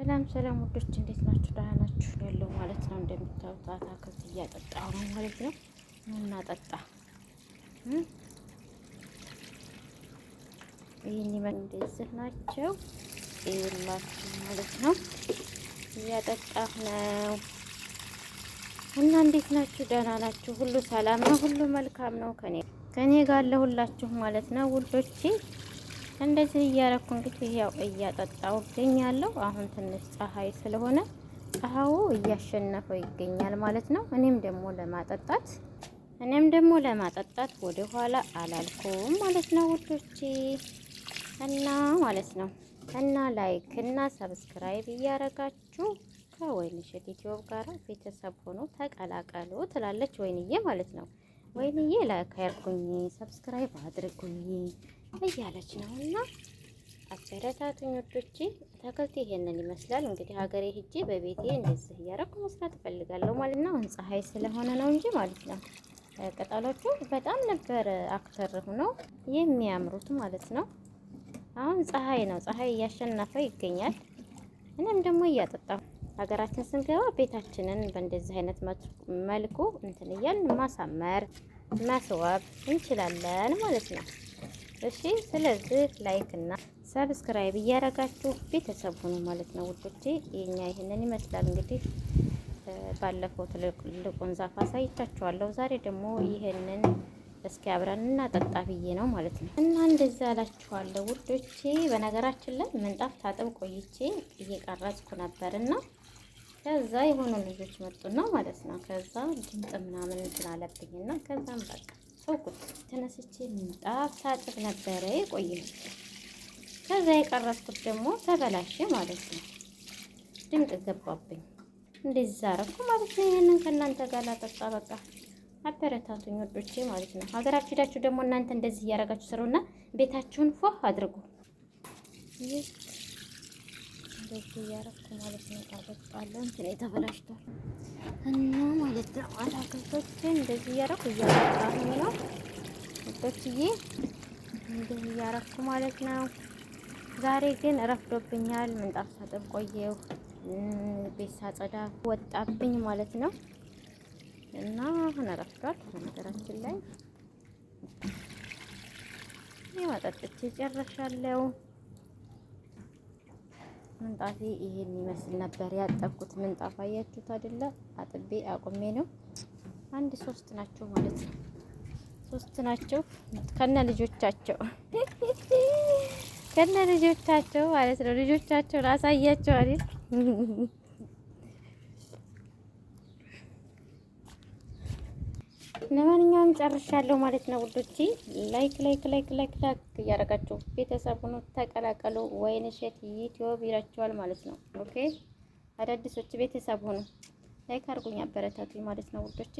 ሰላም ሰላም ውዶች እንዴት ናችሁ? ደህና ናችሁ? ያለው ማለት ነው። እንደምታዩት አታክልት እያጠጣሁ ነው ማለት ነው። ኑና ጠጣ ይህን ይመን እንደዚህ ናቸው ይላችሁ ማለት ነው። እያጠጣሁ ነው እና እንዴት ናችሁ? ደህና ናችሁ? ሁሉ ሰላም ነው። ሁሉ መልካም ነው። ከኔ ከኔ ጋር ለሁላችሁ ማለት ነው ውዶቼ እንደዚህ እያረኩ እንግዲህ ያው እያጠጣው እገኛለሁ። አሁን ትንሽ ፀሐይ ስለሆነ ፀሐዩ እያሸነፈው ይገኛል ማለት ነው። እኔም ደግሞ ለማጠጣት እኔም ደግሞ ለማጠጣት ወደ ኋላ አላልኩም ማለት ነው ውዶች እና ማለት ነው እና ላይክ እና ሰብስክራይብ እያረጋችሁ ከወይን እሸት ዩቲዩብ ጋር ቤተሰብ ሆኖ ተቀላቀሉ ትላለች ወይንዬ ማለት ነው። ወይንዬ ላይክ አድርጉኝ፣ ሰብስክራይብ አድርጉኝ። እያለች ነው እና አበረታቱኝ ወዶቼ። አታክልት ይሄንን ይመስላል እንግዲህ ሀገሬ ሂጄ በቤቴ እንደዚህ እያደረኩ መስራት እፈልጋለሁ ማለት ነው። አሁን ፀሐይ ስለሆነ ነው እንጂ ማለት ነው። ቅጠሎቹ በጣም ነበር አክተር ሆኖ የሚያምሩት ማለት ነው። አሁን ፀሐይ ነው፣ ፀሐይ እያሸነፈ ይገኛል። እኔም ደግሞ እያጠጣሁ ሀገራችን ስንገባ ቤታችንን በእንደዚህ አይነት መልኩ እንትን እያልን ማሳመር መስዋብ እንችላለን ማለት ነው። እሺ። ስለዚህ ላይክ እና ሰብስክራይብ እያደረጋችሁ ቤተሰብ ሁኑ ማለት ነው ውዶቼ። የኛ ይህንን ይመስላል እንግዲህ ባለፈው ትልቁን ዛፍ አሳይቻችኋለሁ። ዛሬ ደግሞ ይህንን እስኪ አብረን እናጠጣ ብዬ ነው ማለት ነው። እና እንደዚህ አላችኋለሁ ውዶቼ። በነገራችን ላይ ምንጣፍ ታጥብ ቆይቼ እየቀረጽኩ ነበርና ከዛ የሆኑ ልጆች መጡና ማለት ነው። ከዛ ድምፅ ምናምን እንትን አለብኝና ከዛም በቃ ተውኩት። ተነስቼ ምንጣፍ ሳጥብ ነበረ የቆየሁት። ከዛ የቀረስኩት ደግሞ ተበላሸ ማለት ነው። ድምፅ ገባብኝ። እንደዛ አረኩ ማለት ነው። ይህንን ከእናንተ ጋር ላጠጣ በቃ አበረታቱኝ ወዶቼ ማለት ነው። ሀገራችሁ ሄዳችሁ ደግሞ እናንተ እንደዚህ እያደረጋችሁ ስሩና ቤታችሁን ፎህ አድርጉ። እንደዚህ እያረኩ ማለት ነው። አበቃለሁ እንትን የተበላሽቷል እና ማለት ነው። አትክልቶችን እንደዚህ እያረኩ እያበቃሁ ነው። ወጦችዬ እንደዚህ እያረኩ ማለት ነው። ዛሬ ግን ረፍዶብኛል። ምንጣፍ ሳጥብ ቆየው፣ ቤት ሳጸዳ ወጣብኝ ማለት ነው እና አሁን ረፍዷል። ነገራችን ላይ መጠጥቼ ጨርሻለሁ። ምንጣፌ ይሄን ይመስል ነበር ያጠብኩት ምንጣፍ። አያችሁት አይደለ? አጥቤ አቁሜ ነው። አንድ ሶስት ናቸው ማለት ነው። ሶስት ናቸው ከነ ልጆቻቸው ከነ ልጆቻቸው ማለት ነው። ልጆቻቸው አሳያቸው አይደል? ለማንኛውም ጨርሻለሁ ማለት ነው ውዶቼ። ላይክ ላይክ ላይክ ላይክ ላይክ እያደረጋችሁ ቤተሰቡን ተቀላቀሉ። ወይን እሸት ዩቲዩብ ይላችኋል ማለት ነው። ኦኬ አዳዲሶች ቤተሰብ ሁኑ። ላይክ አድርጉኝ፣ አበረታቱኝ ማለት ነው ውዶቼ።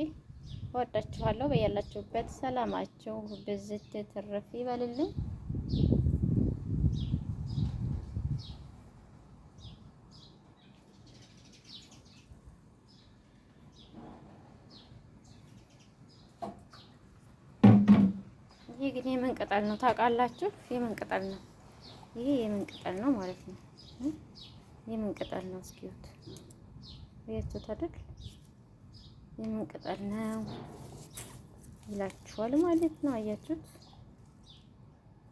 እወዳችኋለሁ። በያላችሁበት ሰላማችሁ ብዝት ትርፍ ይበልልኝ። ይህ ግን የምን ቅጠል ነው ታውቃላችሁ? የምን ቅጠል ነው ይሄ? የምን ቅጠል ነው ማለት ነው። የምን ቅጠል ነው? እስኪዩት ያችሁት አይደል? የምን ቅጠል ነው ይላችኋል ማለት ነው። አያችሁት?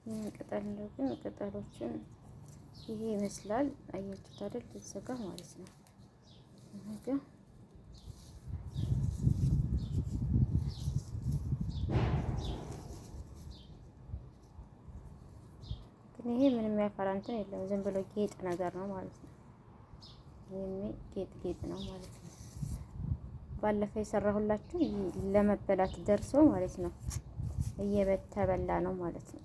የምን ቅጠል ነው ግን ቅጠሎችን ይሄ ይመስላል። አያችሁት አይደል? እዚህ ማለት ነው ግን ይሄ ምንም ያፈራ እንትን የለም። ዝም ብሎ ጌጥ ነገር ነው ማለት ነው። ይሄ ጌጥ ጌጥ ነው ማለት ነው። ባለፈ የሰራሁላችሁ ለመበላት ደርሶ ማለት ነው እየተበላ ነው ማለት ነው።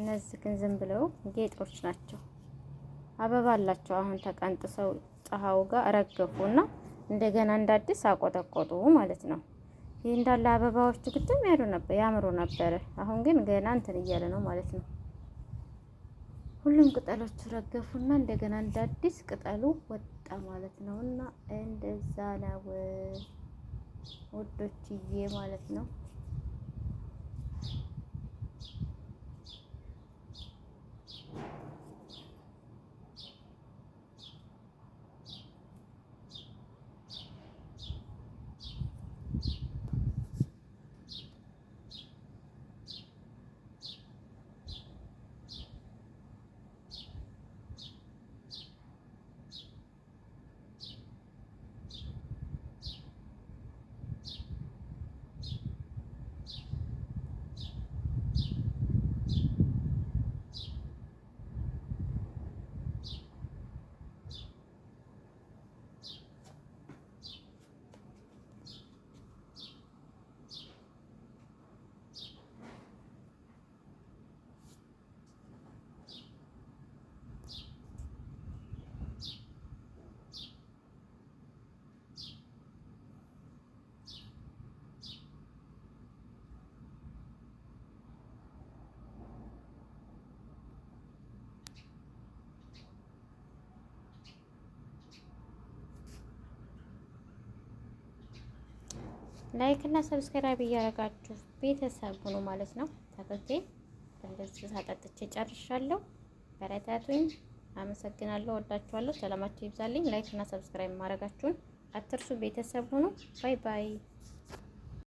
እነዚህ ግን ዝም ብለው ጌጦች ናቸው። አበባ አላቸው። አሁን ተቀንጥሰው ፀሐው ጋር ረገፉና እንደገና እንደ አዲስ አቆጠቆጡ ማለት ነው። ይህ እንዳለ አበባዎቹ ግጥም ያሉ ነበር ያምሩ ነበር። አሁን ግን ገና እንትን እያለ ነው ማለት ነው። ሁሉም ቅጠሎቹ ረገፉና እንደገና እንደ አዲስ ቅጠሉ ወጣ ማለት ነው። እና እንደዛ ነው ውዶችዬ ማለት ነው። ላይክ እና ሰብስክራይብ እያደረጋችሁ ቤተሰብ ሁኑ ማለት ነው። ተከቴ እንደዚህ ሳጠጥቼ ጨርሻለሁ። በረታቱኝ። አመሰግናለሁ። ወዳችኋለሁ። ሰላማችሁ ይብዛልኝ። ላይክ እና ሰብስክራይብ ማድረጋችሁን አትርሱ። ቤተሰብ ሁኑ። ባይ ባይ።